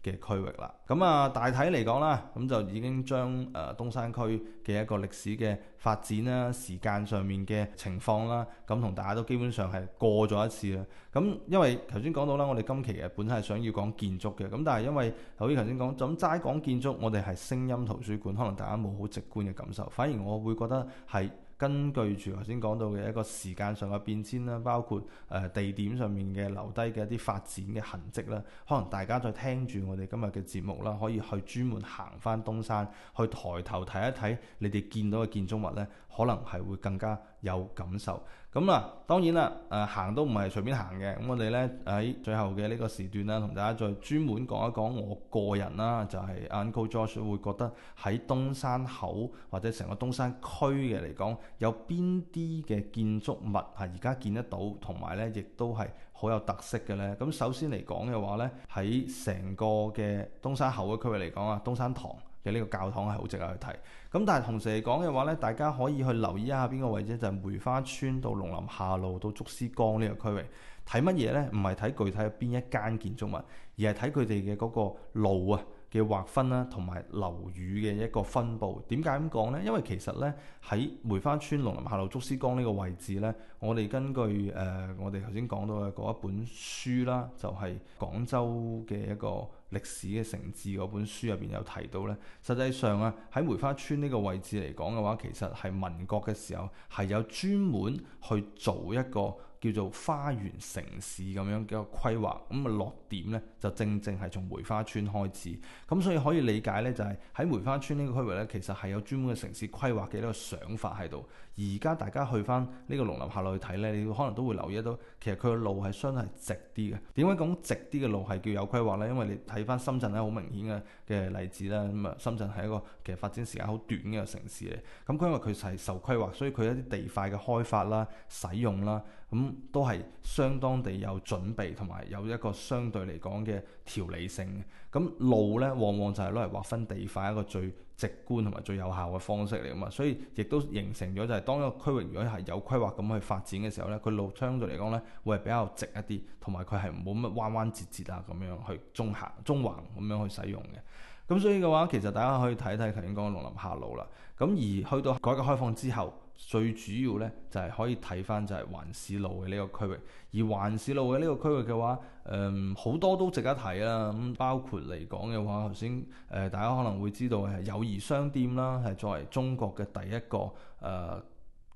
嘅區域啦。咁啊，大體嚟講啦，咁就已經將誒東山區嘅一個歷史嘅發展啦、時間上面嘅情況啦，咁同大家都基本上係過咗一次啦。咁因為頭先講到啦，我哋今期嘅本身係想要講建築嘅，咁但係因為頭先頭先講咁齋講建築，我哋係聲音圖書館，可能大家冇好直觀嘅感受，反而我會覺得係。根據住頭先講到嘅一個時間上嘅變遷啦，包括誒地點上面嘅留低嘅一啲發展嘅痕跡啦，可能大家在聽住我哋今日嘅節目啦，可以去專門行返東山去抬頭睇一睇你哋見到嘅建築物咧。可能係會更加有感受。咁啦，當然啦，誒、呃、行都唔係隨便行嘅。咁我哋咧喺最後嘅呢個時段咧，同大家再專門講一講我個人啦、啊，就係、是、Uncle Josh 會覺得喺東山口或者成個東山區嘅嚟講，有邊啲嘅建築物係而家見得到，同埋咧亦都係好有特色嘅咧。咁首先嚟講嘅話咧，喺成個嘅東山口嘅區域嚟講啊，東山堂嘅呢個教堂係好值得去睇，咁但係同時嚟講嘅話呢，大家可以去留意一下邊個位置，就係梅花村到龍林下路到竹絲崗呢個區域。睇乜嘢呢？唔係睇具體係邊一間建築物，而係睇佢哋嘅嗰個路啊嘅劃分啦，同埋樓宇嘅一個分佈。點解咁講呢？因為其實呢，喺梅花村、龍林下路、竹絲崗呢個位置呢，我哋根據誒我哋頭先講到嘅嗰一本書啦，就係廣州嘅一個。歷史嘅城志嗰本書入邊有提到咧，實際上啊，喺梅花村呢個位置嚟講嘅話，其實係民國嘅時候，係有專門去做一個。叫做花園城市咁樣嘅規劃，咁啊落點呢？就正正係從梅花村開始。咁所以可以理解呢，就係喺梅花村呢個區域呢，其實係有專門嘅城市規劃嘅一個想法喺度。而家大家去翻呢個農林下路去睇呢，你可能都會留意到，其實佢嘅路係相對係直啲嘅。點解咁直啲嘅路係叫有規劃呢？因為你睇翻深圳咧，好明顯嘅嘅例子啦。咁啊，深圳係一個其實發展時間好短嘅城市嚟，咁因為佢係受規劃，所以佢一啲地塊嘅開發啦、使用啦。咁、嗯、都係相當地有準備同埋有一個相對嚟講嘅條理性。咁路咧，往往就係攞嚟劃分地塊一個最直觀同埋最有效嘅方式嚟㗎嘛。所以亦都形成咗就係當一個區域如果係有規劃咁去發展嘅時候咧，佢路相對嚟講咧會係比較直一啲，同埋佢係冇乜彎彎折折啊咁樣去中下中橫咁樣去使用嘅。咁所以嘅話，其實大家可以睇睇頭先講嘅農林下路啦。咁而去到改革開放之後。最主要咧就係、是，可以睇返就係環市路嘅呢個區域，而環市路嘅呢個區域嘅話，誒、嗯、好多都值得睇啦。咁包括嚟講嘅話，頭先誒大家可能會知道係友誼商店啦，係作為中國嘅第一個誒。呃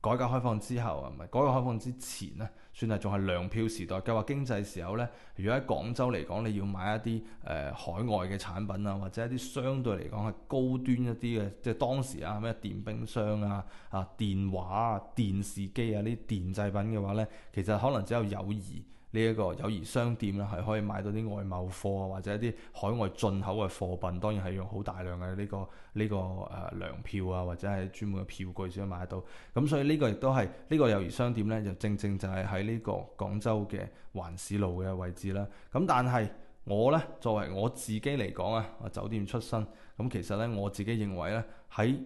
改革開放之後啊，唔係改革開放之前咧，算係仲係糧票時代、計劃經濟時候咧。如果喺廣州嚟講，你要買一啲誒、呃、海外嘅產品啊，或者一啲相對嚟講係高端一啲嘅，即係當時啊咩電冰箱啊、啊電話啊、電視機啊呢啲電製品嘅話咧，其實可能只有友誼。呢一個友誼商店啦，係可以買到啲外貿貨啊，或者一啲海外進口嘅貨品，當然係用好大量嘅呢個呢個誒糧票啊，或者係專門嘅票據先買得到。咁所以呢個亦都係呢個友誼商店咧，就正正就係喺呢個廣州嘅環市路嘅位置啦。咁但係我咧作為我自己嚟講啊，我酒店出身，咁其實咧我自己認為咧喺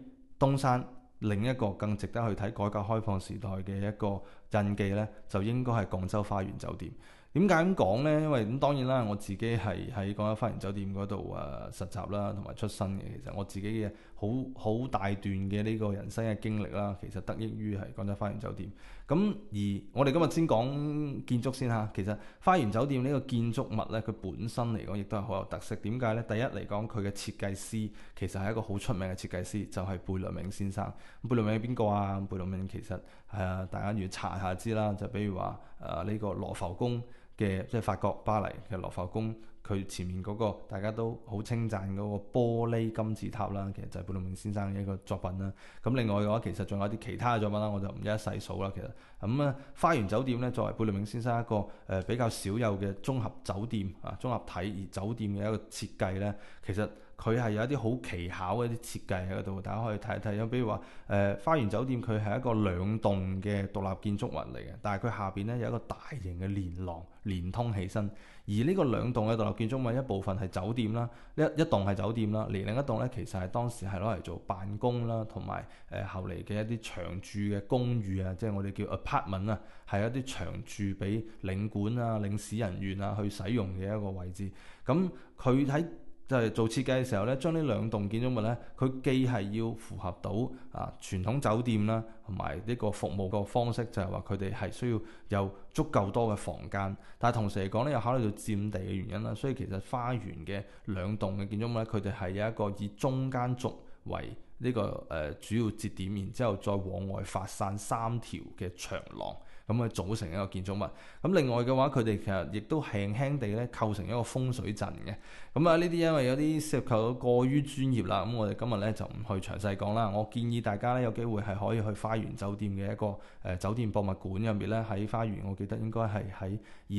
東山。另一個更值得去睇改革開放時代嘅一個印記呢，就應該係廣州花園酒店。點解咁講呢？因為咁當然啦，我自己係喺廣州花園酒店嗰度誒實習啦，同埋出身嘅。其實我自己嘅好好大段嘅呢個人生嘅經歷啦，其實得益於係廣州花園酒店。咁而我哋今日先講建築先嚇，其實花園酒店呢個建築物呢，佢本身嚟講亦都係好有特色。點解呢？第一嚟講，佢嘅設計師其實係一個好出名嘅設計師，就係貝聿銘先生。貝聿銘係邊個啊？貝聿銘其實係啊，大家如查下知啦，就比如話誒呢個羅浮宮嘅，即係法國巴黎嘅羅浮宮。佢前面嗰個大家都好稱讚嗰個玻璃金字塔啦，其實就係貝聿銘先生嘅一個作品啦。咁另外嘅話，其實仲有啲其他嘅作品啦，我就唔一一細數啦。其實咁啊，花園酒店咧，作為貝聿銘先生一個誒比較少有嘅綜合酒店啊，綜合體而酒店嘅一個設計咧，其實。佢係有一啲好奇巧嘅一啲設計喺嗰度，大家可以睇一睇。有比如話，誒、呃、花園酒店佢係一個兩棟嘅獨立建築物嚟嘅，但係佢下邊咧有一個大型嘅連廊連通起身。而呢個兩棟嘅獨立建築物一部分係酒店啦，一一棟係酒店啦，另一棟咧其實係當時係攞嚟做辦公啦，同埋誒後嚟嘅一啲長住嘅公寓啊，即係我哋叫 apartment 啊，係一啲長住俾領館啊、領事人員啊去使用嘅一個位置。咁佢喺就係做設計嘅時候咧，將呢兩棟建築物咧，佢既係要符合到啊傳統酒店啦，同埋呢個服務個方式，就係話佢哋係需要有足夠多嘅房間，但係同時嚟講咧，又考慮到佔地嘅原因啦，所以其實花園嘅兩棟嘅建築物咧，佢哋係有一個以中間軸為呢、這個誒、呃、主要節點，然之後再往外發散三條嘅長廊。咁啊，組成一個建築物。咁另外嘅話，佢哋其實亦都輕輕地咧構成一個風水陣嘅。咁啊，呢啲因為有啲涉及到過於專業啦，咁我哋今日咧就唔去詳細講啦。我建議大家咧有機會係可以去花園酒店嘅一個誒酒店博物館入面咧，喺花園，我記得應該係喺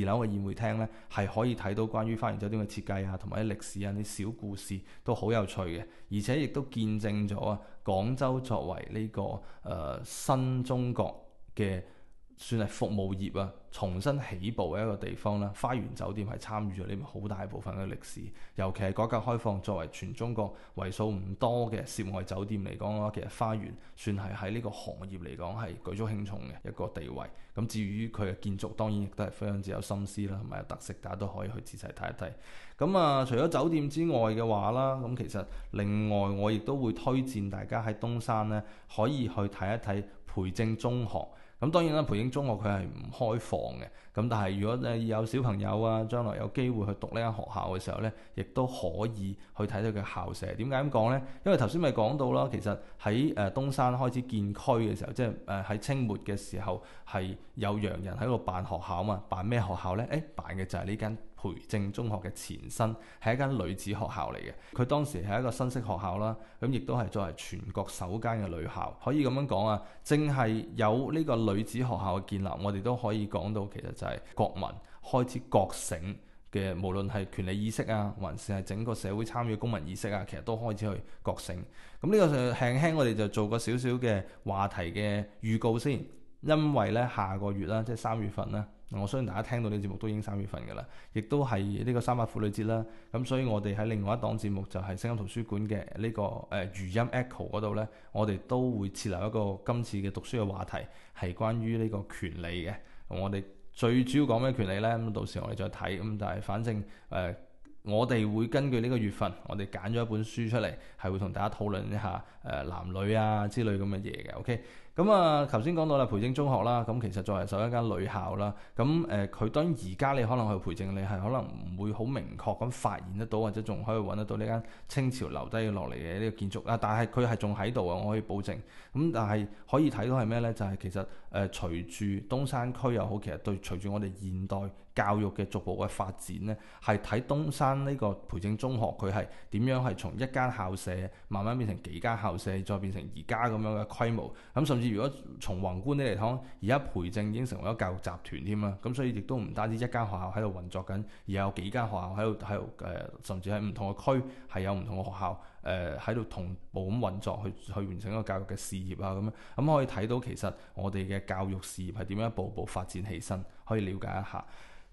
二樓嘅宴會廳咧，係可以睇到關於花園酒店嘅設計啊，同埋啲歷史啊，啲小故事都好有趣嘅，而且亦都見證咗啊廣州作為呢、呢個誒、呃、新中國嘅。算係服務業啊，重新起步嘅一個地方啦。花園酒店係參與咗呢好大部分嘅歷史，尤其係改革開放作為全中國為數唔多嘅涉外酒店嚟講嘅話，其實花園算係喺呢個行業嚟講係舉足輕重嘅一個地位。咁至於佢嘅建築，當然亦都係非常之有心思啦，同埋有特色，大家都可以去仔細睇一睇。咁啊，除咗酒店之外嘅話啦，咁其實另外我亦都會推薦大家喺東山呢，可以去睇一睇培正中學。咁當然啦，培英中學佢係唔開放嘅。咁但係如果誒有小朋友啊，將來有機會去讀呢間學校嘅時候咧，亦都可以去睇到佢校舍。點解咁講咧？因為頭先咪講到啦，其實喺誒東山開始建區嘅時候，即係誒喺清末嘅時候，係有洋人喺度辦學校嘛。辦咩學校咧？誒、欸，辦嘅就係呢間。培正中學嘅前身係一間女子學校嚟嘅，佢當時係一個新式學校啦，咁亦都係作為全國首間嘅女校，可以咁樣講啊。正係有呢個女子學校嘅建立，我哋都可以講到其實就係國民開始覺醒嘅，無論係權利意識啊，還是係整個社會參與公民意識啊，其實都開始去覺醒。咁、嗯、呢、這個就輕輕，我哋就做個少少嘅話題嘅預告先，因為呢，下個月啦，即係三月份啦。我相信大家聽到呢個節目都已經三月份㗎啦，亦都係呢個三八婦女節啦。咁、嗯、所以我哋喺另外一檔節目就係聲音圖書館嘅呢個誒語、呃、音 Echo 嗰度呢，我哋都會設立一個今次嘅讀書嘅話題，係關於呢個權利嘅。我哋最主要講咩權利呢？咁到時我哋再睇。咁但係反正誒、呃，我哋會根據呢個月份，我哋揀咗一本書出嚟，係會同大家討論一下誒、呃、男女啊之類咁嘅嘢嘅。OK。咁啊，頭先講到啦，培正中學啦，咁其實作為首一間女校啦，咁誒佢當然而家你可能去培正，你係可能唔會好明確咁發現得到，或者仲可以揾得到呢間清朝留低落嚟嘅呢個建築啊，但係佢係仲喺度啊，我可以保證。咁、嗯、但係可以睇到係咩咧？就係、是、其實誒、呃、隨住東山區又好，其實對隨住我哋現代，教育嘅逐步嘅發展呢，係睇東山呢個培正中學，佢係點樣？係從一間校舍慢慢變成幾間校舍，再變成而家咁樣嘅規模。咁、嗯、甚至如果從宏觀啲嚟講，而家培正已經成為咗教育集團添啦。咁所以亦都唔單止一間學校喺度運作緊，而有幾間學校喺度喺度誒，甚至喺唔同嘅區，係有唔同嘅學校誒喺度同步咁運作，去去完成一個教育嘅事業啊咁樣，咁、嗯嗯、可以睇到其實我哋嘅教育事業係點樣一步步發展起身，可以了解一下。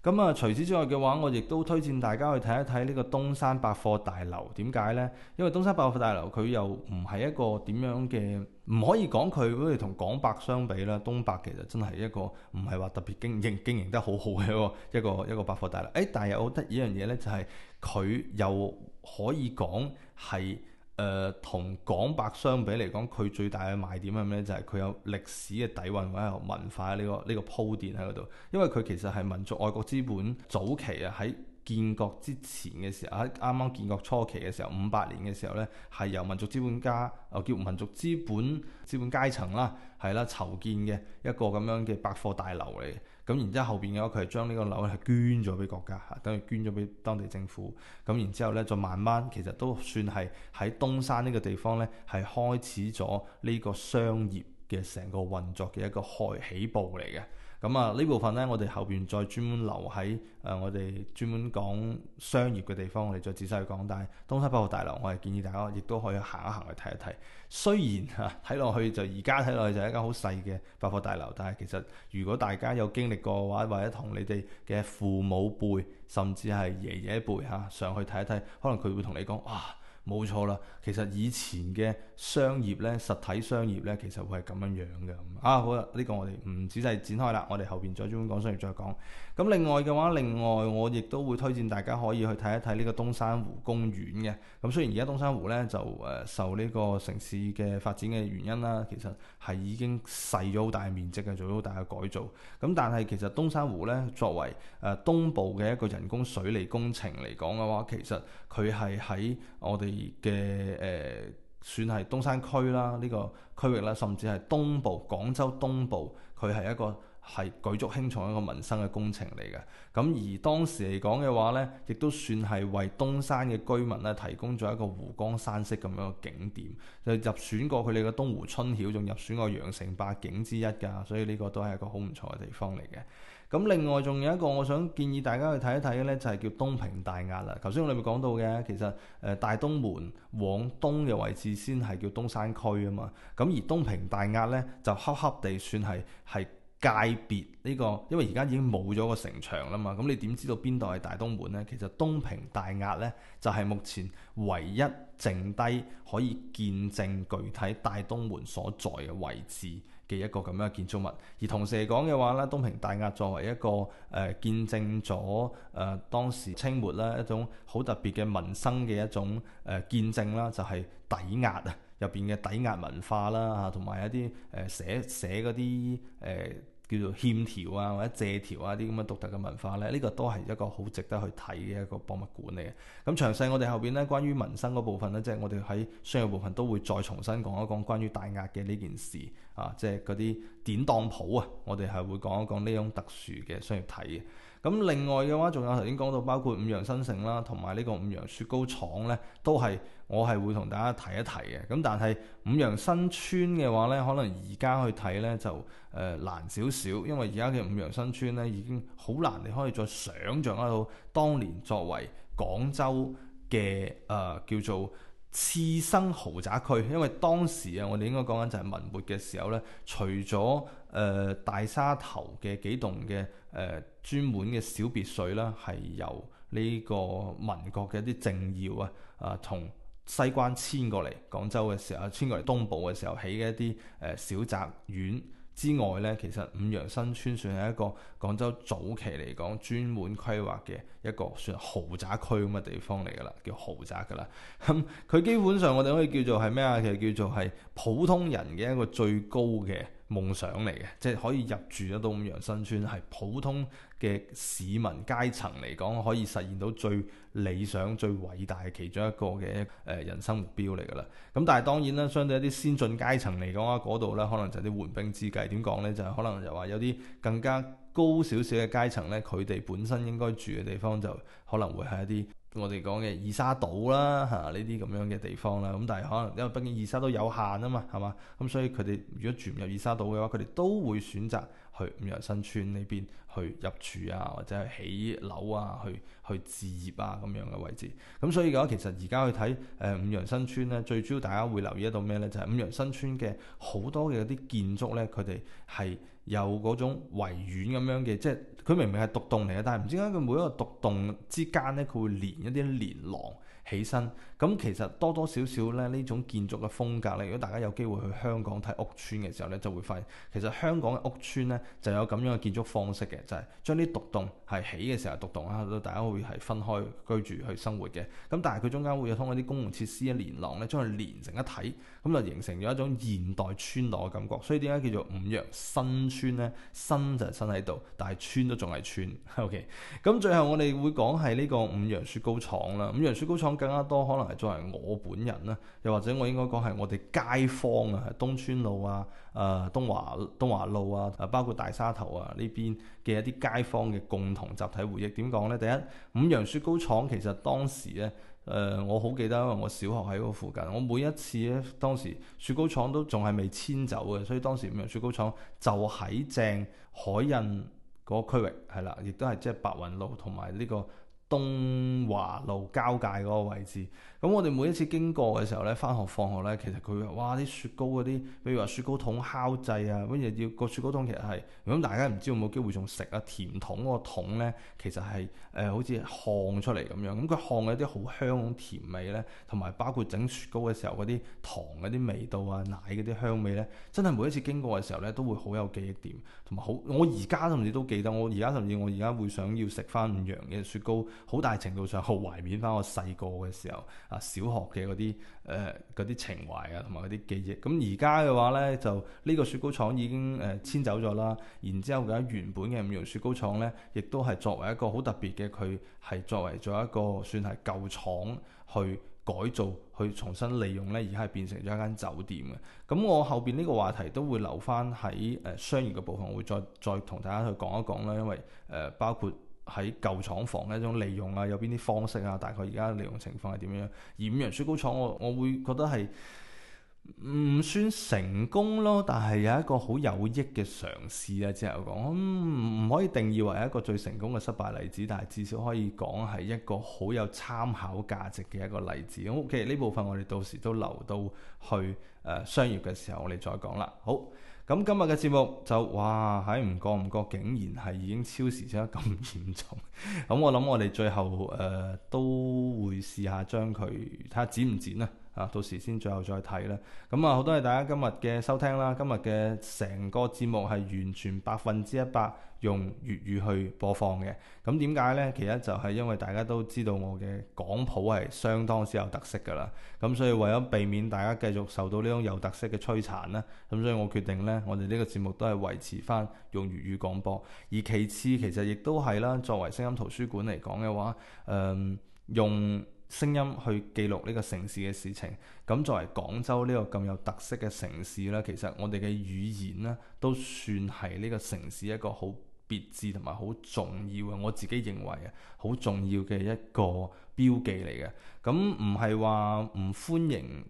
咁啊，除此之外嘅話，我亦都推薦大家去睇一睇呢個東山百貨大樓。點解咧？因為東山百貨大樓，佢又唔係一個點樣嘅，唔可以講佢好似同廣百相比啦。東百其實真係一個唔係話特別經營經營得好好嘅一個一個，一個百貨大樓。誒，但係我覺得呢樣嘢咧，就係佢又可以講係。誒同廣百相比嚟講，佢最大嘅賣點係咩咧？就係、是、佢有歷史嘅底藴，或者有文化呢、這個呢、這個鋪墊喺嗰度。因為佢其實係民族愛國資本早期啊，喺建國之前嘅時候，喺啱啱建國初期嘅時候，五八年嘅時候呢，係由民族資本家，又、呃、叫民族資本資本階層啦，係啦，籌建嘅一個咁樣嘅百貨大樓嚟。咁然之後後邊嘅話，佢係將呢個樓咧係捐咗俾國家，嚇，等於捐咗俾當地政府。咁然之後咧，就慢慢其實都算係喺東山呢個地方咧，係開始咗呢個商業嘅成個運作嘅一個開起步嚟嘅。咁啊，呢部分呢，我哋後邊再專門留喺誒、呃，我哋專門講商業嘅地方，我哋再仔細去講。但係東山百貨大樓，我係建議大家亦都可以行一行去睇一睇。雖然嚇睇落去就而家睇落去就係一間好細嘅百貨大樓，但係其實如果大家有經歷過嘅話，或者同你哋嘅父母輩，甚至係爺爺輩嚇上去睇一睇，可能佢會同你講哇。啊。冇錯啦，其實以前嘅商業咧，實體商業咧，其實會係咁樣樣嘅。啊，好啦，呢、這個我哋唔仔細展開啦，我哋後邊再專門講商業再講。咁另外嘅話，另外我亦都會推薦大家可以去睇一睇呢個東山湖公園嘅。咁雖然而家東山湖咧就誒、呃、受呢個城市嘅發展嘅原因啦，其實係已經細咗好大面積嘅，做咗好大嘅改造。咁但係其實東山湖咧作為誒、呃、東部嘅一個人工水利工程嚟講嘅話，其實佢係喺我哋。嘅誒、呃，算係東山區啦，呢個區域啦，甚至係東部廣州東部，佢係一個係舉足輕重一個民生嘅工程嚟嘅。咁而當時嚟講嘅話呢，亦都算係為東山嘅居民咧提供咗一個湖光山色咁樣嘅景點，就入選過佢哋嘅東湖春曉，仲入選過羊城八景之一㗎，所以呢個都係一個好唔錯嘅地方嚟嘅。咁另外仲有一個我想建議大家去睇一睇嘅咧，就係叫東平大押啦。頭先我哋咪講到嘅，其實誒大東門往東嘅位置先係叫東山區啊嘛。咁而東平大押咧，就恰恰地算係係。界別呢，這個，因為而家已經冇咗個城牆啦嘛，咁你點知道邊度係大東門呢？其實東平大押呢，就係、是、目前唯一剩低可以見證具體大東門所在嘅位置嘅一個咁樣嘅建築物。而同時嚟講嘅話呢，東平大押作為一個誒、呃、見證咗誒、呃、當時清末咧一種好特別嘅民生嘅一種誒、呃、見證啦，就係、是、抵押啊入邊嘅抵押文化啦同埋一啲誒寫寫嗰啲誒。呃叫做欠條啊或者借條啊啲咁嘅獨特嘅文化咧，呢個都係一個好值得去睇嘅一個博物館嚟嘅。咁詳細我哋後邊咧關於民生嗰部分咧，即係我哋喺商業部分都會再重新講一講關於大押嘅呢件事啊，即係嗰啲典當鋪啊，我哋係會講一講呢種特殊嘅商業體嘅。咁另外嘅話，仲有頭先講到包括五羊新城啦，同埋呢個五羊雪糕廠呢，都係我係會同大家提一提嘅。咁但係五羊新村嘅話呢，可能而家去睇呢就誒難少少，因為而家嘅五羊新村呢已經好難，你可以再想像得到當年作為廣州嘅誒、呃、叫做次生豪宅區，因為當時啊，我哋應該講緊就係文末嘅時候呢，除咗誒、呃、大沙頭嘅幾棟嘅誒。呃專門嘅小別墅啦，係由呢個民國嘅一啲政要啊啊、呃，從西關遷過嚟廣州嘅時候，遷過嚟東部嘅時候起嘅一啲誒、呃、小宅院之外呢。其實五羊新村算係一個廣州早期嚟講專門規劃嘅一個算豪宅區咁嘅地方嚟㗎啦，叫豪宅㗎啦。咁、嗯、佢基本上我哋可以叫做係咩啊？其實叫做係普通人嘅一個最高嘅。夢想嚟嘅，即係可以入住得到五羊新村，係普通嘅市民階層嚟講，可以實現到最理想、最偉大其中一個嘅誒人生目標嚟㗎啦。咁但係當然啦，相對一啲先進階層嚟講啊，嗰度咧可能就係啲緩兵之計。點講咧？就係、是、可能就話有啲更加高少少嘅階層咧，佢哋本身應該住嘅地方就可能會係一啲。我哋講嘅二沙島啦，嚇呢啲咁樣嘅地方啦，咁但係可能因為畢竟二沙都有限啊嘛，係嘛，咁所以佢哋如果住唔入二沙島嘅話，佢哋都會選擇去五羊新村呢邊去入住啊，或者係起樓啊，去去置業啊咁樣嘅位置。咁所以嘅話，其實而家去睇誒、呃、五羊新村咧，最主要大家會留意到咩咧？就係、是、五羊新村嘅好多嘅啲建築咧，佢哋係。有嗰種圍院咁樣嘅，即係佢明明係獨棟嚟嘅，但係唔知點解佢每一個獨棟之間咧，佢會連一啲連廊起身。咁其實多多少少咧呢種建築嘅風格咧，如果大家有機會去香港睇屋村嘅時候咧，就會發現其實香港嘅屋村咧就有咁樣嘅建築方式嘅，就係將啲獨棟係起嘅時候獨棟啊，到大家會係分開居住去生活嘅。咁但係佢中間會有通過啲公共設施啊連廊咧，將佢連成一體，咁就形成咗一種現代村落嘅感覺。所以點解叫做五羊新村咧？新就係新喺度，但係村都仲係村。OK，咁最後我哋會講係呢個五羊雪糕廠啦。五羊雪糕廠更加多可能。作為我本人啦，又或者我應該講係我哋街坊啊，東川路啊、誒東華東華路啊、誒包括大沙頭啊呢邊嘅一啲街坊嘅共同集體回憶點講呢？第一，五羊雪糕廠其實當時呢，誒、呃、我好記得，因為我小學喺嗰附近，我每一次咧當時雪糕廠都仲係未遷走嘅，所以當時五羊雪糕廠就喺正海印嗰個區域，係啦，亦都係即係白雲路同埋呢個。東華路交界嗰個位置，咁我哋每一次經過嘅時候呢，翻學放學呢，其實佢哇啲雪糕嗰啲，比如話雪糕桶、烤製啊，跟住要個雪糕桶其實係咁，大家唔知有冇機會仲食啊甜筒嗰個桶呢，其實係誒、呃、好似烘出嚟咁樣，咁佢烘嘅啲好香甜味呢，同埋包括整雪糕嘅時候嗰啲糖嗰啲味道啊，奶嗰啲香味呢，真係每一次經過嘅時候呢，都會好有記憶點，同埋好我而家甚至都記得，我而家甚至我而家會想要食翻五羊嘅雪糕。好大程度上，好懷緬翻我細個嘅時候啊，小學嘅嗰啲誒嗰啲情懷啊，同埋嗰啲記憶。咁而家嘅話咧，就呢個雪糕廠已經誒、呃、遷走咗啦。然之後嘅原本嘅五羊雪糕廠咧，亦都係作為一個好特別嘅，佢係作為咗一個算係舊廠去改造，去重新利用咧，而家係變成咗一間酒店嘅。咁我後邊呢個話題都會留翻喺誒商業嘅部分，我會再再同大家去講一講啦。因為誒、呃、包括。喺舊廠房嘅一種利用啊，有邊啲方式啊？大概而家利用情況係點樣？而五羊雪糕廠我我會覺得係唔算成功咯，但係有一個好有益嘅嘗試啊！之後講唔、嗯、可以定義為一個最成功嘅失敗例子，但係至少可以講係一個好有參考價值嘅一個例子。咁其實呢部分我哋到時都留到去誒、呃、商業嘅時候我哋再講啦。好。咁今日嘅節目就哇，喺唔覺唔覺竟然係已經超時咗咁嚴重，咁 我諗我哋最後誒、呃、都會試下將佢睇下剪唔剪啦。啊，到時先最後再睇啦。咁、嗯、啊，好多謝大家今日嘅收聽啦。今日嘅成個節目係完全百分之一百用粵語去播放嘅。咁點解呢？其實就係因為大家都知道我嘅廣普係相當之有特色㗎啦。咁、嗯、所以為咗避免大家繼續受到呢種有特色嘅摧殘啦，咁、嗯、所以我決定呢，我哋呢個節目都係維持翻用粵語廣播。而其次其實亦都係啦，作為聲音圖書館嚟講嘅話，誒、嗯、用。聲音去記錄呢個城市嘅事情，咁作為廣州呢個咁有特色嘅城市咧，其實我哋嘅語言咧都算係呢個城市一個好別致同埋好重要嘅，我自己認為啊，好重要嘅一個標記嚟嘅。咁唔係話唔歡迎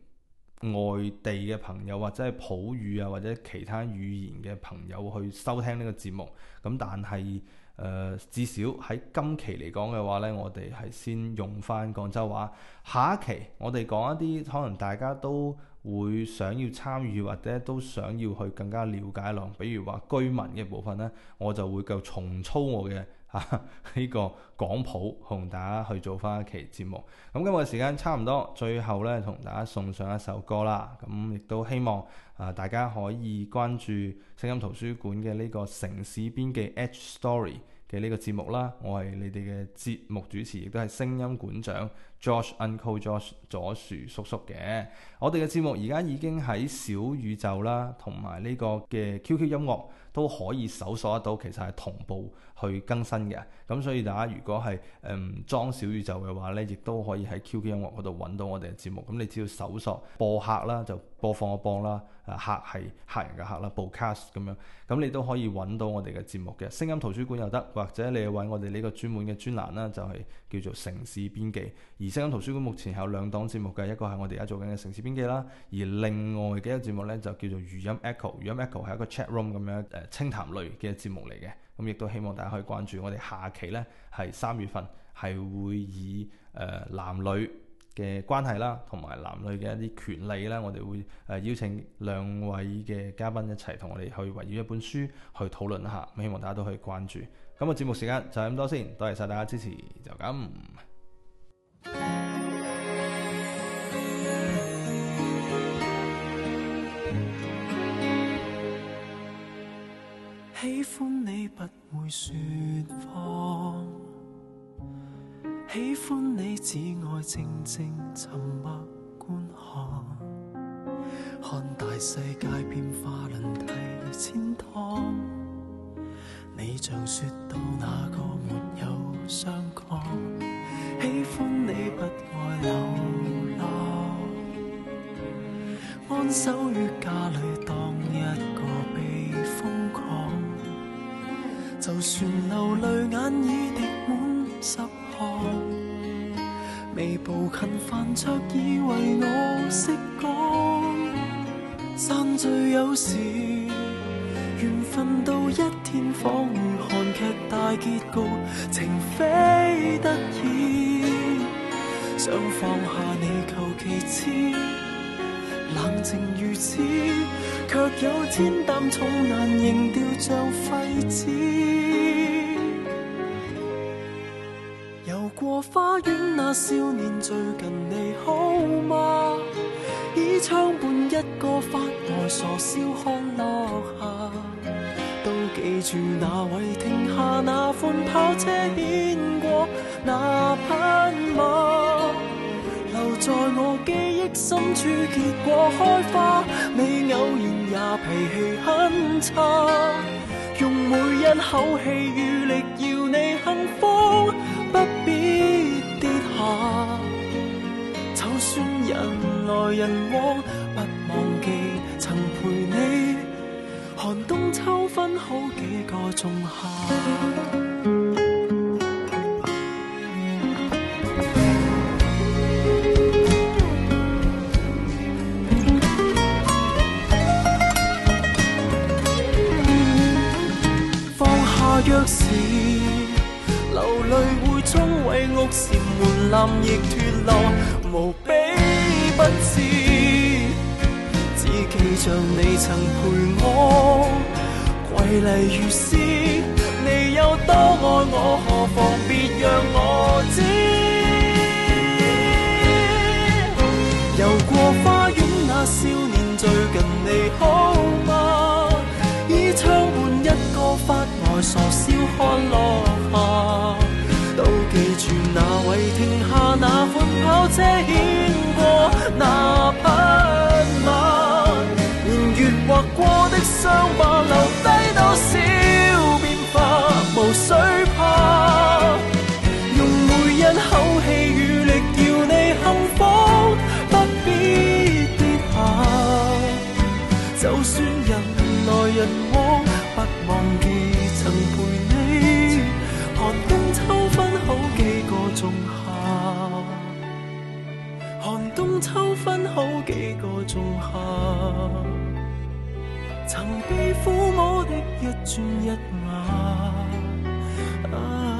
外地嘅朋友或者係普語啊或者其他語言嘅朋友去收聽呢個節目，咁但係，誒、呃，至少喺今期嚟講嘅話呢，我哋係先用翻廣州話。下一期我哋講一啲可能大家都會想要參與或者都想要去更加了解咯，比如話居民嘅部分呢，我就會夠重操我嘅。呢、啊這個廣普同大家去做翻一期節目，咁、嗯、今日時間差唔多，最後咧同大家送上一首歌啦。咁、嗯、亦都希望啊、呃、大家可以關注聲音圖書館嘅呢個城事邊記 Edge Story。呢個節目啦，我係你哋嘅節目主持，亦都係聲音館長 Josh Uncle Josh 左薯叔叔嘅。我哋嘅節目而家已經喺小宇宙啦，同埋呢個嘅 QQ 音樂都可以搜索得到，其實係同步去更新嘅。咁所以大家如果係誒裝小宇宙嘅話呢，亦都可以喺 QQ 音樂嗰度揾到我哋嘅節目。咁你只要搜索播客啦，就。播放嘅幫啦，誒客係客人嘅客啦，播 cast 咁樣，咁你都可以揾到我哋嘅節目嘅。聲音圖書館又得，或者你揾我哋呢個專門嘅專欄啦，就係、是、叫做城事邊記。而聲音圖書館目前係有兩檔節目嘅，一個係我哋而家做緊嘅城事邊記啦，而另外嘅一個節目咧就叫做語音 echo。語音 echo 係一個 chatroom 咁樣誒、呃、清談類嘅節目嚟嘅，咁亦都希望大家可以關注我哋，下期咧係三月份係會以誒、呃、男女。嘅關係啦，同埋男女嘅一啲權利啦，我哋會誒邀請兩位嘅嘉賓一齊同我哋去圍繞一本書去討論一下，希望大家都可以關注。咁個節目時間就係咁多先，多謝晒大家支持，就咁。喜歡你不會説謊。喜歡你只愛靜靜沉默觀看，看大世界變化輪替千趟。你像説到那個沒有相抗，喜歡你不愛流浪，安守於家裏當一個避風港。就算流淚眼已滴滿濕。微步近飯桌以為我識講。散聚有時，緣份到一天，仿如韓劇大結局，情非得已。想放下你，求其次，冷靜如此，卻有千擔重，難扔掉像廢紙。那少年最近你好嗎？倚窗畔一個發呆傻笑看落霞。都記住那位停下那款跑車牽過那匹馬。留在我記憶深處，結果開花。你偶然也脾氣很差，用每一口氣餘力要你幸福，不必。人來人往，不忘記曾陪你寒冬秋分好幾個仲夏。 放下鑰匙，流淚會沖毀屋檐門欄亦脱落，無邊。 不知，只記着你曾陪我瑰麗如詩。你有多愛我，何妨別讓我知。遊過花園那少年最近你好嗎？倚窗換一個發呆傻笑看落。跑車牽過，那匹馬，年月劃過的傷疤，留低多少變化，無需怕。分好幾個仲夏，曾被撫摸的一磚一瓦。啊。